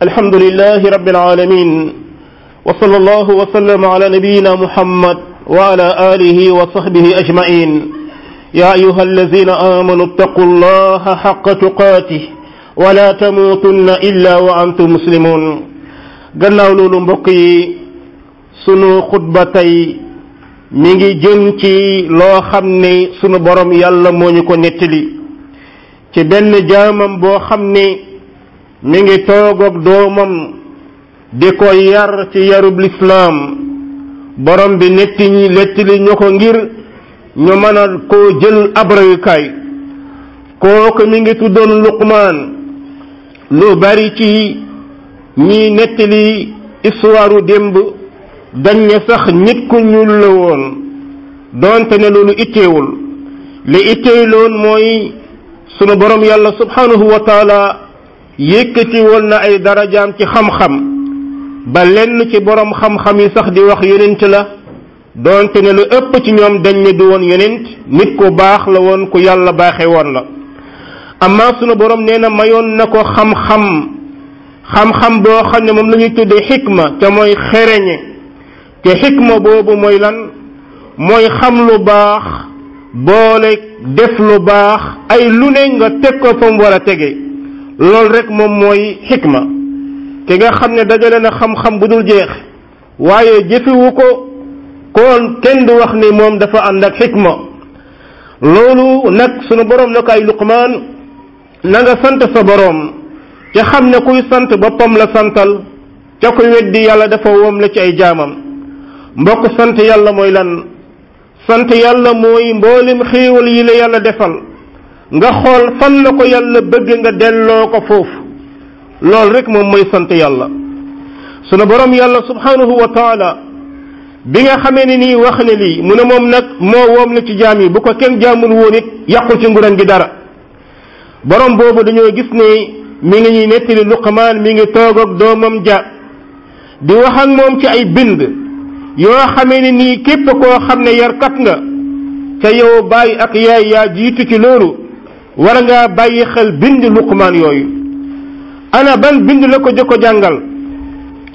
alhamdulilahi rabbil alamin wa sallallahu wa sallama ala nabiyyina muhammad wa ala alihi wa sahbihi ajmain ya ayyuha allazina amanu ittaqu llaha xaqa tuqaatih wa la tamuutunna illa wa antum muslimun gannaaw loolu mbokk yi sunu xutba tey mi ngi jëm ci loo xam ne sunu borom yàlla moo ñu ko nettali ci benn jaamam boo xam ne mi ngi toog ak doomam di ko yar ci yarub lislaam borom bi netti lettili ñu ko ngir ñu mën a koo jël ab royukaay kooku mi ngi tuddoon luqmaan lu bari ci ñiy nettali histoire démb dañ ne sax nit ku ñuul la woon doonte ne loolu itteewul li itteeloon mooy sunu borom yàlla subhanahu yëkkati woon na ay darajaam ci xam-xam ba lenn ci boroom xam-xam yi sax di wax yonent la doonte ne lu ëpp ci ñoom dañ ne du woon yonent nit ku baax la woon ku yàlla baaxe woon la amma sunu boroom nee na mayoon na ko xam-xam xam-xam boo xam ne moom la ñuy tuddee xikma te mooy xereñe te xikma boobu mooy lan mooy xam lu baax boole def lu baax ay lu ne nga teg ko fa mu war a tege loolu rek moom mooy xikma ki nga xam ne dajale na xam-xam bu dul jeex waaye jëfewu ko kon kenn du wax ni moom dafa ànd ak xikma loolu nag sunu boroom na ko ay luqmaan na sant sa boroom te xam ne kuy sant boppam la santal ca kuy weddi yàlla dafa woom la ci ay jaamam mbokk sant yàlla mooy lan sant yàlla mooy mboolim xéewal yi la yàlla defal nga xool fan la ko yàlla bëgg nga delloo ko foofu loolu rek moom mooy sant yàlla sunu borom yàlla subhanahu wa taala bi nga xamee ne nii wax ne lii mu ne moom nag moo woom na ci jaam yi bu ko kenn jaamul woon it yàqul ci nguram gi dara borom boobu dañoo gis ne mi ngi ñuy nettali Luqmaan mi ngi toog ak doomam ja di wax moom ci ay bind yoo xamee ne nii képp koo xam ne yarkat nga ca yow bàyyi ak yaay yaa jiitu ci loolu war ngaa bàyyi xel bind luqmaan yooyu ana ban bind la ko jëkko jàngal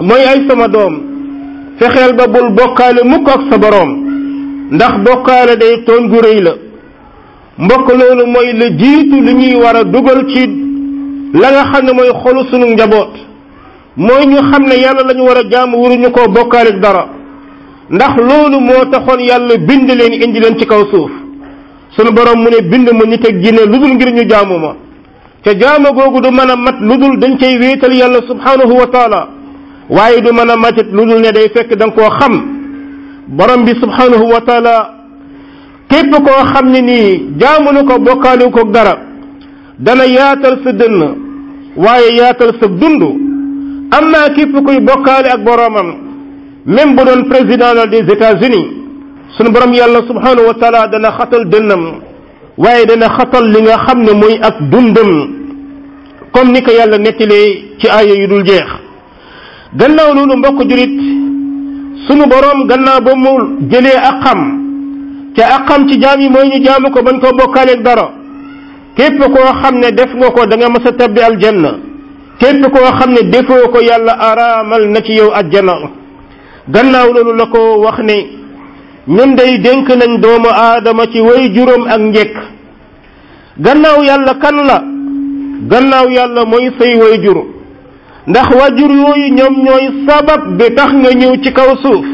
mooy ay sama doom fexeel ba bul bokkaale mukk ak sa boroom ndax bokkaale day tooñ gu rëy la mbokk loolu mooy la jiitu li ñuy war a dugal ci la nga xam ne mooy xolu sunu njaboot mooy ñu xam ne yàlla lañu war a jaamu waruñu ko bokkaale dara ndax loolu moo taxoon yàlla bind leen indi leen ci kaw suuf sunu borom mu ne bind ma nit ak jinne lu dul ngir ñu jaamu ma te jaamu googu du mana mat lu dul dañ cay wéetal yàlla subhanahu wa taala waaye du mën a matit lu dul day fekk da nga koo xam borom bi subhanahu wa taala képp ko xam ne nii jaamunu ko bokkaaliwu ko dara dana yaatal sa dënn waaye yaatal sa dund am naa képp kuy bokkaale ak boromam même bu doon président des États-Unis sunu borom yàlla subhanahu wa taala dana xatal dënnam waaye dana xatal li nga xam ne mooy ak dundam comme ni ko yàlla nettalee ci aaya yu dul jeex gannaaw loolu mbokk jurit sunu borom gannaaw ba mu jëlee ak xam ca ak xam ci jaam yi mooy ñu jaamu ko bañ koo bokkaaleeg dara képp koo xam ne def nga ko danga nga mas a tabbi aljanna képp koo xam ne defoo ko yàlla araamal na ci yow aljanna gannaaw loolu la ko wax ne ñun dey dénk nañ doomu aadama ci way juróom ak njekk gannaaw yàlla kan la gannaaw yàlla mooy say way jur ndax waa wajur yooyu ñoom ñooy sabab bi tax nga ñëw ci kaw suuf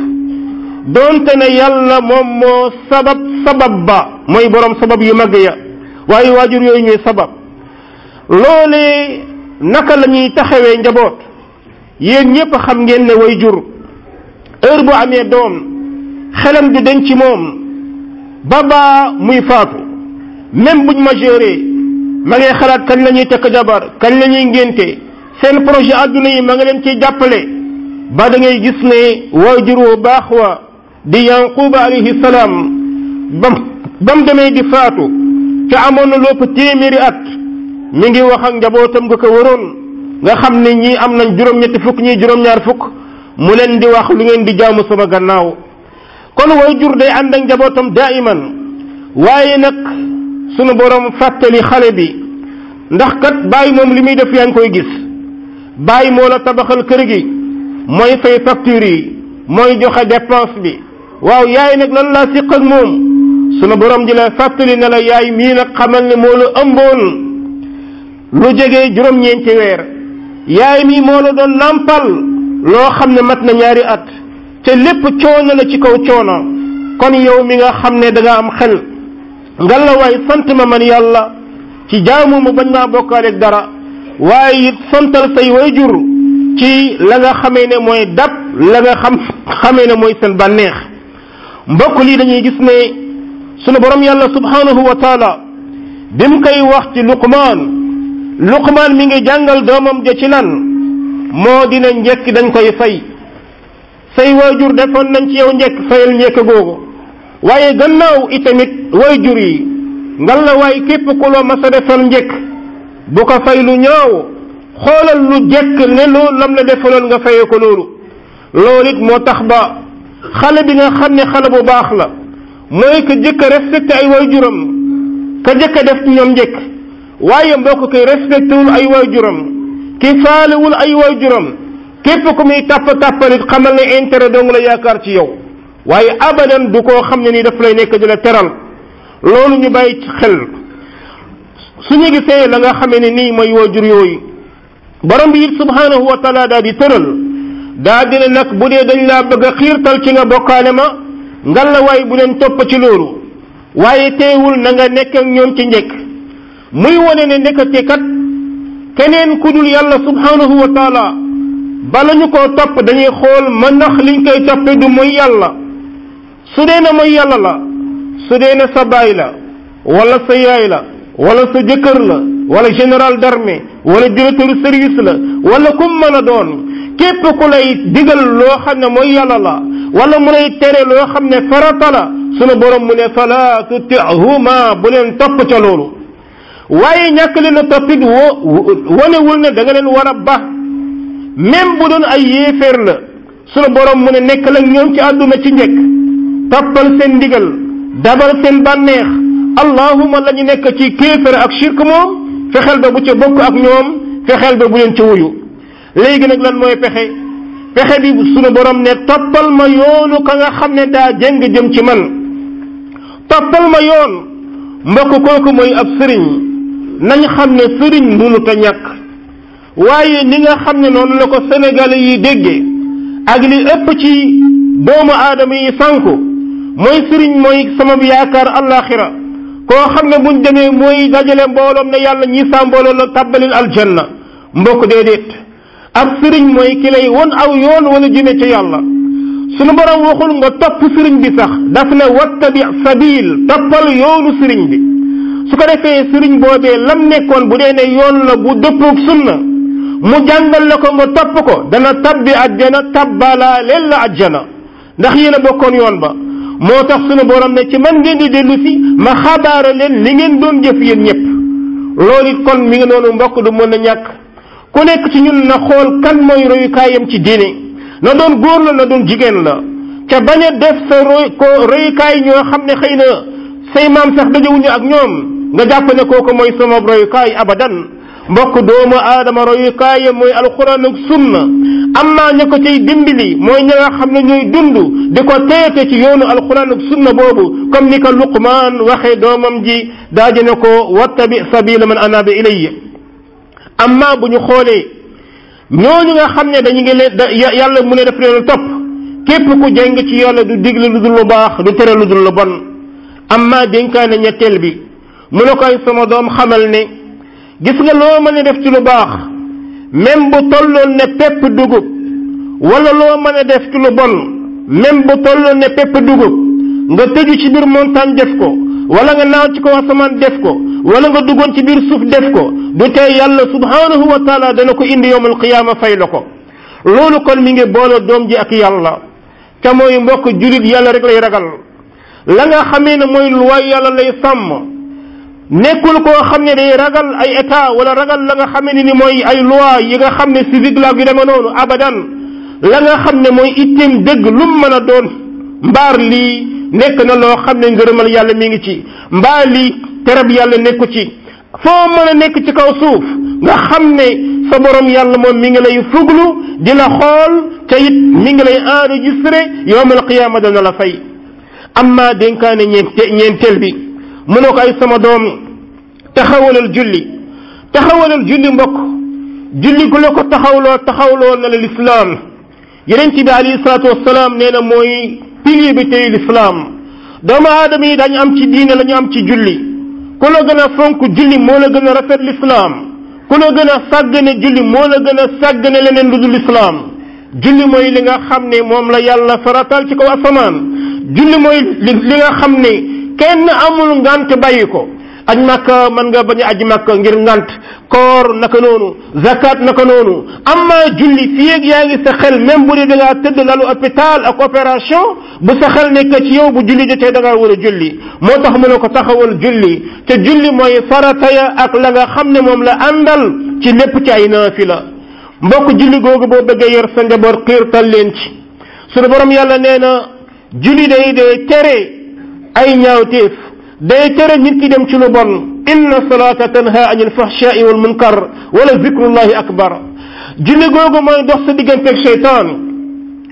doonte ne yàlla moom moo sabab sabab ba mooy boroom sabab yu mag ya waaye waa jur yooyu ñuy sabab loolee naka la ñuy taxawee njaboot yéen ñépp xam ngeen ne way jur heure bu amee doom xelam di denc ci moom ba baa muy faatu même buñ ma géré ma xalaat kañ la ñuy takk jabar kañ lañuy ngénte seen projet adduna yi ma leen ci jàppale ba da ngay gis ne waajur woo baax wa di yanquba alayhi salaam bam bam demee di faatu te amoon na lépp téeméeri at mi ngi wax ak njabootam nga ko waroon nga xam ne ñii am nañ juróom-ñetti fukk ñii juróom-ñaar fukk mu leen di wax lu ngeen di jaamu sama gannaaw kon waajur day ànd ak njabootam daa'iman waaye nag sunu borom fàttali xale bi ndax kat bàyyi moom li muy def yaa koy gis bàyyi moo la tabaxal kër gi mooy fay facture yi mooy joxe dépense bi waaw yaay nag lan laa siq ak moom sunu borom di la nala yaay mii nag xamal ne moo la ëmboon lu jege juróom-ñeenti weer yaay mii moo la doon nàmpal loo xam ne mat na ñaari at te lépp coono la ci kaw coono kon yow mi nga xam ne da am xel ngalawaay sant ma man yàlla ci jaamu ma bañ maa bokkaaleeg dara waaye it santal say wayjur ci la nga xamee ne mooy dab la nga xamee ne mooy seen bànneex mbokk lii dañuy gis ne suna borom yàlla subhanahu wa taala bi mu koy wax ci luqmaan luqmaan mi ngi jàngal doomam ja ci lan moo dina njëkk dañ koy fay say jur defoon nañ ci yow njekk fayal njekk googu waaye gannaaw itamit waajur yi ngal la waaye képp ku loo mas a defal njekk bu ko fay lu ñaaw xoolal lu jekk ne lam la defaloon nga fayee ko loolu loolu moo tax ba xale bi nga xam ne xale bu baax la mooy que jëkk a respecté ay waajuram ka jëkk a def ci ñoom njekk waaye mbokk koy respecté wul ay juram ki faalewul ay juram képp ko muy tàpp tàppalit xamal ne intérêt dong la yaakaar ci yow waaye abadan du koo xam ne nii daf lay nekk di la teral loolu ñu bàyyi ci xel suñu gisee la nga xame ne nii mooy waajur yooyu borom bi it subhaanahu wa taala daa di tëral daa dina nag bu dee dañ laa bëgg a xiirtal ci nga bokkaane ma ngal la waaye bu leen topp ci loolu waaye teewul na nga nekk ak ñoom ci njëkk muy wane ne nekkate kat keneen ku dul yàlla subhaanahu wa taala bala ñu ko topp dañuy xool ma ndax liñ koy toppe du mooy yàlla su dee na mooy yàlla la su dee na sa baay la wala sa yaay la wala sa jëkkër la wala général d'armée wala directeur service la wala ku mën a doon képp ku lay digal loo xam ne mooy yàlla la wala mu lay tere loo xam ne farata la sunu mu ne fala tutihuma bu leen topp ca loolu waaye ñàkk leen a toppit wo wonewul ne da nga leen war a même bu doon ay yéeféer la sunu borom mu ne nekk la ñoom ci àdduna ci njëkk toppal seen ndigal dabal seen bànneex allahuma la ñu nekk ci kéeféer ak shirk moom fexeel ba bu ca bokk ak ñoom fexeel ba bu leen ca wuyu léegi nag lan mooy pexe pexe bi sunu borom ne toppal ma yoonu ka nga xam ne daa jëng jëm ci man toppal ma yoon mbokk kooku mooy ab sëriñ nañ xam ne sëriñ mënut a ñàkk waaye ni nga xam ne noonu la ko sénégalais yi déggee ak li ëpp ci doomu aadama yi sànku mooy sëriñ mooy sama yaakaar àllaaxira koo xam ne buñ demee mooy dajale mbooloom ne yàlla ñi saa mbooloo la tàbbalil aljanna mbokk déedéet ab sëriñ mooy ki lay won aw yoon wala jëme ca yàlla sunu borom waxul nga topp sëriñ bi sax daf ne wattabi sabil toppal yoonu sëriñ bi su ko defee sëriñ boobee lam nekkoon bu dee ne yoon la bu dëppoog sunna mu jàngal la ko nga topp ko dana tabbi ajjana tabbalaa leen la ajjana ndax yéen a bokkoon yoon ba moo tax sunu borom ne ci man ngeen di dellu si ma xabaara leen li ngeen doon jëf yéen ñëpp loolu it kon mi ngi noonu mbokk du mën na ñàkk ku nekk ci ñun na xool kan mooy royukaayam ci diine na doon góor la na doon jigéen la ca bañ a def sa roy ko royukaay ñoo xam ne xëy na say maam sax dajewuñu ak ñoom nga jàpp ne kooku mooy sama royukaay abadan mbokk doomu aadama royukaayam mooy alxuraan ak sunna am naa ña ko cay dimbali mooy ña nga xam ne ñooy dund di ko teete ci yoonu alxuraan ak sunna boobu comme ni ko Luqmaan waxee doomam ji daaje ne ko wattabi sabila man anaaba ilayya amma bu ñu xoolee ñooñu nga xam ne dañu ngi leen yàlla mu ne def leen topp képp ku jeng ci yàlla du digle lu dul lu baax du tere lu dul lu bon amma dénkaane ñetteel bi mu ne koy sama doom xamal ne gis nga loo mën a def ci lu baax même bu tolloon ne pepp dugub wala loo mën a def ci lu bon même bu tolloon ne pepp dugub nga tëju ci biir montagne def ko wala nga naaw ci ko asamaan def ko wala nga duggoon ci biir suuf def ko du tee yàlla subhanahu wa taala dana ko indi yowmal qiyaama fay la ko loolu kon mi ngi boole doom ji ak yàlla te mooy mbokk julit yàlla rek lay ragal la nga xamee ne mooy lu waay yàlla lay sàmm nekkul koo xam ne day ragal ay état wala ragal la nga xam ne ni mooy ay loi yi nga xam ne civique la yu deme noonu abadan la nga xam ne mooy itteem dëgg lu mu mën a doon mbaar lii nekk na loo xam ne ngërëmal yàlla mi ngi ci mbaa lii terab yàlla nekku ci foo mën nekk ci kaw suuf nga xam ne sa borom yàlla moom mi ngi lay fuglu di la xool te it mi ngi lay enregistré yowmal qiyaama dana la fay amma dénkaane ñeente ñeenteel bi mu ko ay sama doom taxawalal julli taxawalal julli mbokk julli gu la ko taxawloo taxawloo na la lislaam yonent bi alayhi salaatu wasalaam nee na mooy pilier bi tey lislaam doomu aadama yi dañu am ci diine la am ci julli ku la gën a fonk julli moo la gën a rafet lislaam ku la gën a sàgg ne julli moo la gën a sàgg ne leneen lu dul lislaam julli mooy li nga xam ne moom la yàlla faratal ci kaw asamaan julli mooy li nga xam ne kenn amul ngant bàyyi ko aj màkka mën nga bañ a aj màkka ngir ngant koor naka noonu zakat naka noonu amma julli fii ak yaa ngi sa xel même bu dee da ngaa tëdd lalu hôpital ak opération bu sa xel nekk ci yow bu julli jotee da ngaa war a julli moo tax mu ne ko taxawal julli te julli mooy farataya ak la nga xam ne moom la àndal ci lépp ci ay naafila mbokk julli googu boo bëggee yor sa njaboot xiirtal leen ci sunu borom yàlla nee na julli day day tere ay ñaawteef day tere nit ki dem ci lu bon inna salaata tanha anil fahshaai wal munkar wala zikrullahi akbar julli googu mooy dox sa digganteeg seytaan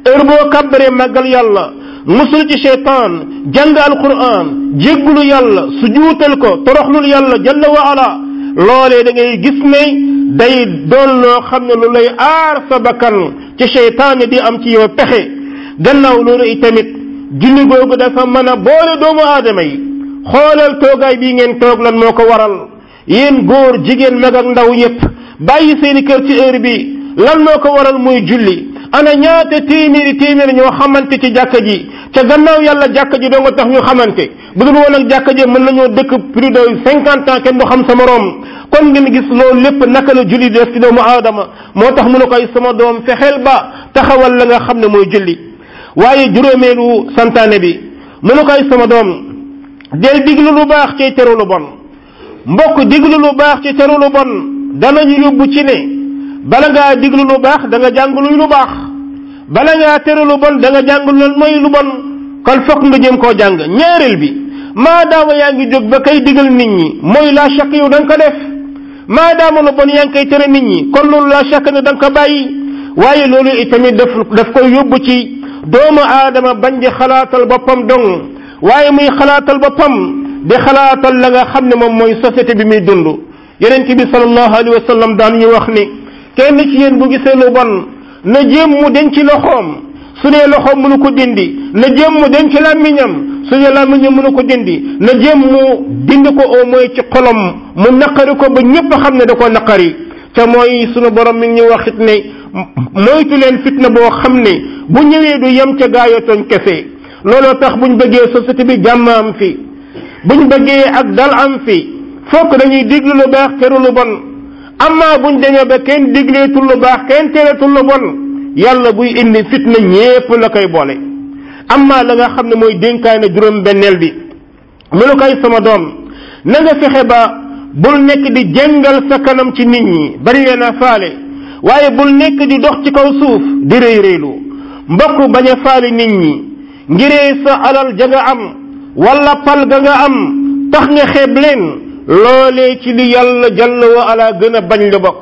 heure boo kàbbaree màggal yàlla musul ci seytaan jàng alquran jéggulu yàlla su juutal ko toroxlul yàlla jalla wa ala loolee da loole gis ne day doon loo xam ne lu lay aar sa bakkan ci seytaan di am ci yow pexe gannaaw loolu itamit julli googu da mën a boole doomu aadama yi xoolal toogaay bii ngeen toog lan moo ko waral yéen góor jigéen mag ak ndaw ñëpp bàyyi seeni kër ci heure bi lan moo ko waral muy julli ana ñaata téeméeri téeméeri ñoo xamante ci jàkka ji te gannaaw yàlla jàkka ji doo nga tax ñu xamante bu dul woon ak jàkka ji mën na nañoo dëkk plus de cinquante ans kenn du xam sa moroom kon ngeen gis loolu lépp naka la julli def ci doomu aadama moo tax mu ne koy sama doom fexeel ba taxawal la nga xam ne mooy julli waaye juróomeelu santaane bi mu ne ko ay sama doom del diglu lu baax cay teru lu bon mbokk diglu lu baax ci teru lu bon danañu yóbbu ci ne bala ngaa diglu lu baax da nga jàng luy lu baax bala ngaa teru lu bon da nga jàng lu mooy lu bon kon fokk nga jëm koo jàng ñaareel bi maadaama yaa ngi jóg ba kay digal nit ñi mooy laa chaq yow da nga ko def maadaama lu bon yaa ngi koy tere nit ñi kon loolu laa chaq ne da nga ko bàyyi waaye loolu itamit daf daf koy yóbbu ci doomu aadama bañ di xalaatal boppam dong waaye muy xalaatal boppam di xalaatal la nga xam ne moom mooy société bi muy dund yonent bi sallallahu alayhi wa sallam daan ñu wax ni kenn ci yéen bu gisee lu bon na jéem mu denc loxoom su dee loxoom mënu ko dindi na jéem mu denc làmmiñam su dee làmmiñam mënu ko dindi na jéem mu dindi ko au moins ci xolom mu naqari ko ba ñépp xam ne da ko naqari te mooy sunu borom mi ngi ñu waxit ne moytu leen fitna boo xam ne bu ñëwee du yem ca gaayo tooñ kese looloo tax buñ bëggee société bi jàmm am fi buñ bëggee ak dal am fi fokk dañuy diglu lu baax teru lu bon amaa buñ demee ba kenn digleetul lu baax kenn tereetul lu bon yàlla buy indi fitna ñépp la koy boole amaa la nga xam ne mooy dénkaane juróom benneel bi mu lu koy sama doom na nga fexe ba bul nekk di jëngal sa kanam ci nit ñi bari leen a faale waaye bul nekk di dox ci kaw suuf di rëy rëylu mbokk bañ a faali nit ñi ngiree sa alal ja nga am wala pal ga nga am tax nga xeeb leen loolee ci li yàlla jalla wa ala gën a bañ la bokk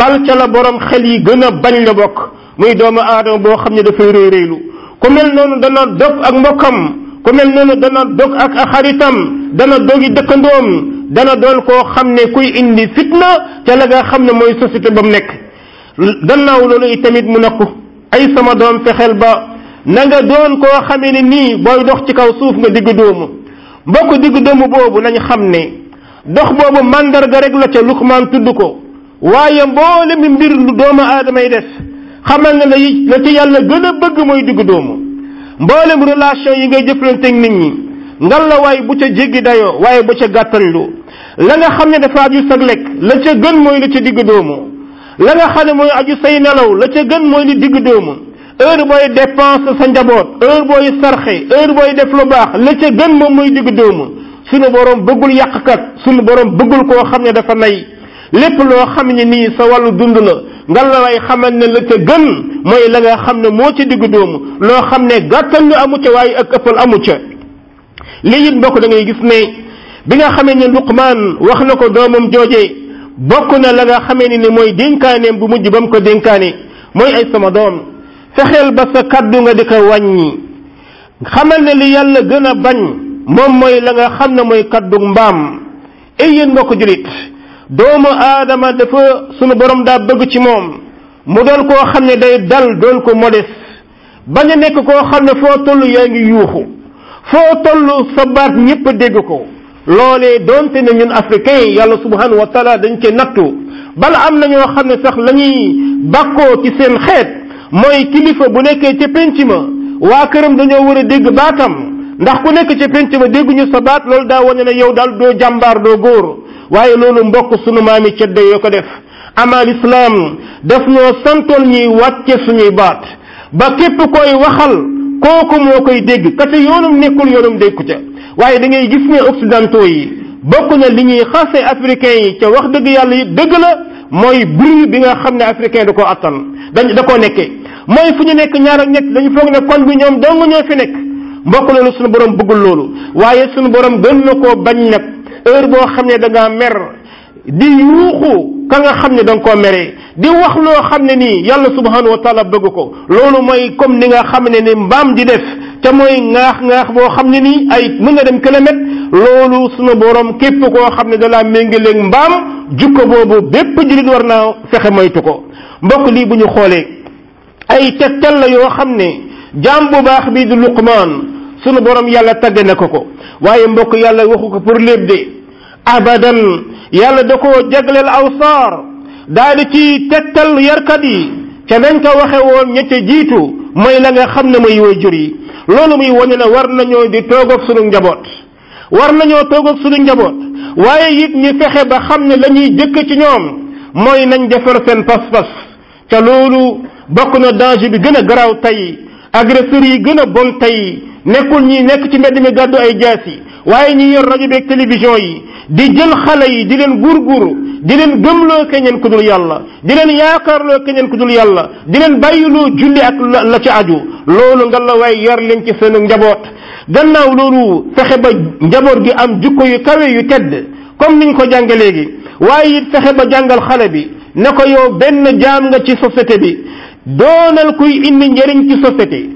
bal ca la borom xel yi gën a bañ la bokk muy doomu aadama boo xam ne dafay rëy rëylu ku mel noonu dana dog ak mbokkam ku mel noonu dana dog ak xaritam dana dogi dëkkandoom dana doon koo xam ne kuy indi fitna ca la nga xam ne mooy société ba mu nekk gannaaw loolu itamit mu nekku ay sama doom fexeel ba na nga doon koo xamee ne nii booy dox ci kaw suuf nga diggu doomu mbokk diggu doomu boobu nañ xam ne dox boobu mandarga rek la ca Luqmaan tudd ko waaye mboolem mbir lu doomu aadama yi def xamal ne la la ci yàlla gën a bëgg mooy diggu doomu mboolem relation yi ngay jëflanteeg nit ñi ngal la waaye bu ca jéggi dayoo waaye bu ca gàttallu la nga xam ne dafa aju sag lekk la ca gën mooy la ca diggu doomu la nga xam ne mooy aju say nelaw la ca gën mooy ni digg dóomu heure booy dépense sa njaboot heure booy sarxe heure booy def lu baax la ca gën moom mooy digg dóomu sunu boroom bëggul yàqkat sunu borom bëggul koo xam ne dafa nay lépp loo xam ne nii sa wàllu dund la nga la lay xamal ne la ca gën mooy la nga xam ne moo ci diggu dóomu loo xam ne gàttal lu amu ca waaye ak ëppal amu ca lii it mbokk da ngay gis ne bi nga xamee ne Luqmaan wax na ko doomam joojee bokk na la nga xamee ni ni mooy dénkaaneem bu mujj ba mu ko dénkaane mooy ay sama doom fexeel ba sa kaddu nga di ko wàññi xamal na li yàlla gën a bañ moom mooy la nga xam ne mooy kaddu mbaam ay yéen mbokk julit doomu aadama dafa sunu borom daa bëgg ci moom mu doon koo xam ne day dal doon ko modeste bañ a nekk koo xam ne foo toll yaa ngi yuuxu foo toll sa baat ñépp dégg ko loolee donte ne ñun africain yàlla subhanahu wa taala dañ cee nattu bala am na ñoo xam ne sax la ñuy bàkkoo ci seen xeet mooy kilifa bu nekkee ca penc ma waa këram dañoo war a dégg baatam ndax ku nekk ca penc ma dégguñu sa baat loolu daa wane na yow daal doo jàmbaar doo góor waaye loolu mbokk maam maami cedde yoo ko def amaal islaam daf ñoo santoon ñuy wàcce suñuy baat ba képp koy waxal kooku moo koy dégg ka ca yoonum nekkul yoonum déggu ca waaye da ngay gis ne occidentaux yi bokk na li ñuy xase africains yi ca wax dëgg yàlla yi dëgg la mooy bruit bi nga xam ne africain da koo attan dañ da koo nekkee mooy fu ñu nekk ñaar ak ñett dañu foog ne kon bi ñoom dong ñoo fi nekk mbokk loolu suñu borom bëggul loolu waaye suñu borom gën na koo bañ nag heure boo xam ne da ngaa mer di yuuxu ka nga xam ne danga ko koo di wax loo xam ne nii yàlla subhanahu wa taala bëgg ko loolu mooy comme ni nga xam ne ni mbaam di te mooy ŋaax-ŋaax boo xam ne nii ay mën na dem kilomètre loolu sunu borom képp koo xam ne dalaa méngaleeg mbaam jukko boobu bépp jullit war naa fexe moytu ko mbokk lii bu ñu xoolee ay tegtal la yoo xam ne jaam bu baax bii di luqmaan sunu borom yàlla tagg na ko ko waaye mbokk yàlla waxu ko pour léeb de abadan yàlla da koo jagleel aw saar daal di ci tegtal yarkat yi ca nañ ko waxe woon ñett ca jiitu mooy la nga xam ne mooy waajur yi loolu muy wane na war nañoo di toog ak sunu njaboot war nañoo toog ak sunu njaboot waaye it ñu fexe ba xam ne lañuy ñuy jëkk ci ñoom mooy nañ defar seen pas-pas te loolu bokk na danger bi gën a garaaw tey agresseurs yi gën a bon tey nekkul ñi nekk ci mbedd mi gàddu ay jaas yi waaye ñi yor rajo beeg télévision yi di jël xale yi di leen gurguru di leen gëmloo keneen ku dul yàlla di leen yaakaarloo keneen ku dul yàlla di leen bàyyiloo julli ak la ci aju loolu nga la waay yar leen ci seenu njaboot gannaaw loolu fexe ba njaboot gi am jukko yu kawe yu tedd comme niñ ko jànge léegi waaye it fexe ba jàngal xale bi ne ko yow benn jaam nga ci société bi doonal kuy indi njëriñ ci société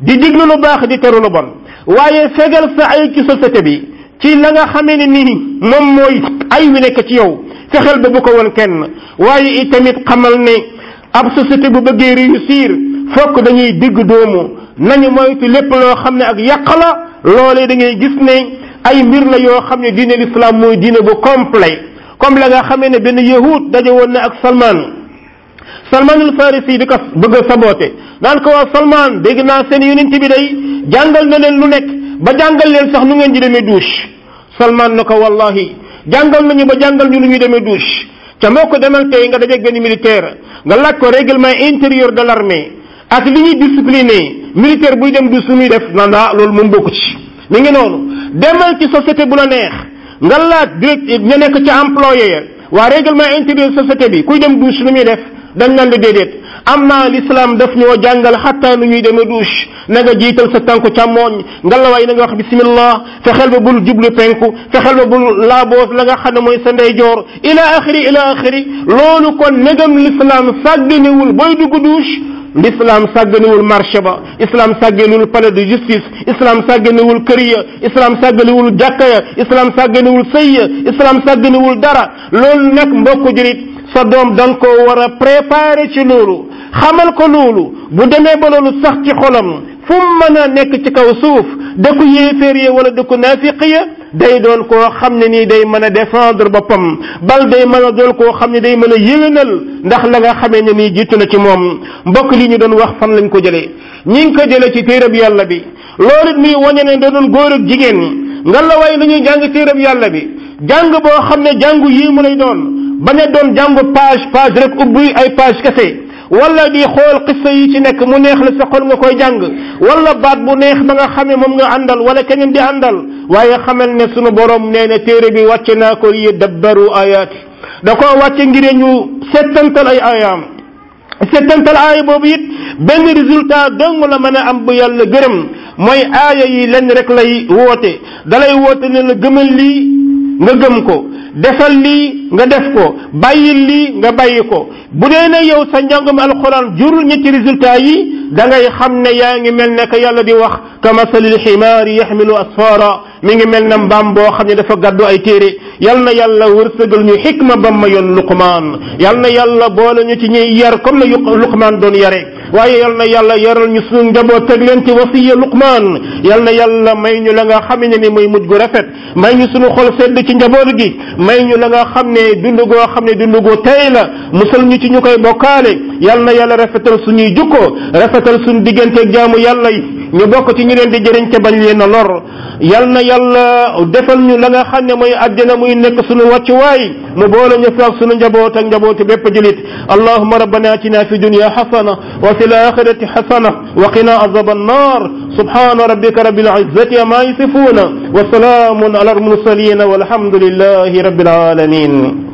di diglu lu baax di teru lu bon waaye fegal sa ay ci société bi ci la nga xamee ne nii moom mooy ay wi nekk ci yow fexeel ba bu ko woon kenn waaye tamit xamal ne ab société bu bëggee réussir fokk dañuy digg doomu nañu moytu lépp loo xam ne ak yàq la loolee da ngay gis ne ay mbir la yoo xam ne diine l'islam mooy diine bu complet comme la nga xamee ne benn yahud daje woon na ak Salman Salman al Farisi di ko bëgg a sabote naan ko waa Salman dégg naa seen yonent bi day jàngal na leen lu nekk ba jàngal leen sax nu ngeen di demee douche Salman na ko wallahi jàngal nañu ba jàngal ñu lu ñuy demee douche ca moo ko demal tey nga dajeeg benn militaire nga laaj ko règlement intérieur de l'armée ak li ñuy discipliné militaire buy dem douche lu ñuy def naan ah loolu moom bokku ci. mi ngi noonu demal ci société bu la neex nga laaj direct ña nekk ca employé ya waa règlement intérieur société bi kuy dem douche lu ñuy def dañ naan la déedéet amma l'islam daf ñoo jàngal xatta nu ñuy demee douche na nga jiital sa tànku càmmooñ ngalawaay na nga wax bismillah fexeel ba bul jublu penku fexeel ba bul laaboos la nga xam ne mooy sa ndeyjoor ila axiri ila axiri loolu kon negam l'islam sàgganewul booy dugg douche l'islam sàgganewul marché ba islam sàgganewul palais de justice islam sàgganewul kër ya islam sàgganewul jàkka ya islam sàgganewul sëy ya islam dara loolu nag mbokku jurit sa doom da nga ko war a préparer ci loolu xamal ko loolu bu demee ba loolu sax ci xolam fu mu mën a nekk ci kaw suuf dëkku yéeféer ya wala dëkku naafiq ya day doon koo xam ne nii day mën a défendre boppam bal day mën a doon koo xam ne day mën a yéwénal ndax la nga xamee ne nii jiitu na ci moom mbokk li ñu doon wax fan lañ ko jëlee ñi ko jëlee ci téerab yàlla bi loolu it muy wañe ne da doon góor ak jigéen nga la way lu ñuy jàng téerab yàlla bi jàng boo xam ne jàngu yii mu lay doon bañ a doon jàngu page page rek ubbi ay page kese wala di xool xissa yi ci nekk mu neex la sa xol nga koy jàng wala baat bu neex ba nga xamee moom nga àndal wala keneen di àndal waaye xamal ne sunu borom nee ne téere bi wàcce naa ko yi dabbaru ayaati da ko wàcce ngir ñu settantal ay ayaam settantal aaya boobu it benn résultat dong la mën a am bu yàlla gërëm mooy aaya yi lenn rek lay woote dalay woote ne la gëmal lii nga gëm ko defal li nga def ko bàyyil lii nga bàyyi ko bu dee ne yow sa njàngum alquran jurul ñetti résultat yi da ngay xam ne yaa ngi mel ne que yàlla di wax ka masalil ximaari yaxmilu asfara mi ngi mel na mbaam boo xam ne dafa gàddu ay téere yal na yàlla wërsëgal ñu xikma ba ma yoon luqmaan yal na yàlla boole ñu ci ñuy yar comme na luqmaan doon yare waaye yal na yàlla yaral ñu suñu njaboot teg leen ci wasiya luqmaan yal na yàlla may ñu la nga xam ne ni muy mujj gu rafet may ñu suñu xol sedd ci njaboot gi may ñu la nga xam ne dund goo xam ne dund goo tey la musal ñu ci ñu koy bokkaale yal na yàlla rafetal suñuy jukko rafetal suñu digganteeg jaamu yàlla ñu bokk ci ñu leen di jëriñ ca bañ leen a lor yal na yàlla defal ñu la nga xam ne mooy àjjana muy nekk sunu wàccuwaay mu boole ñu faak sunu njaboot ak njabooti bépp julit allahuma rabbana atina fi dunya xasana wa fi laxirati xasana wa qina azab annar subhana rabbika rabbil izzati ama yasifuna wa salaamun ala almursalin walhamdulillahi rabbil alamin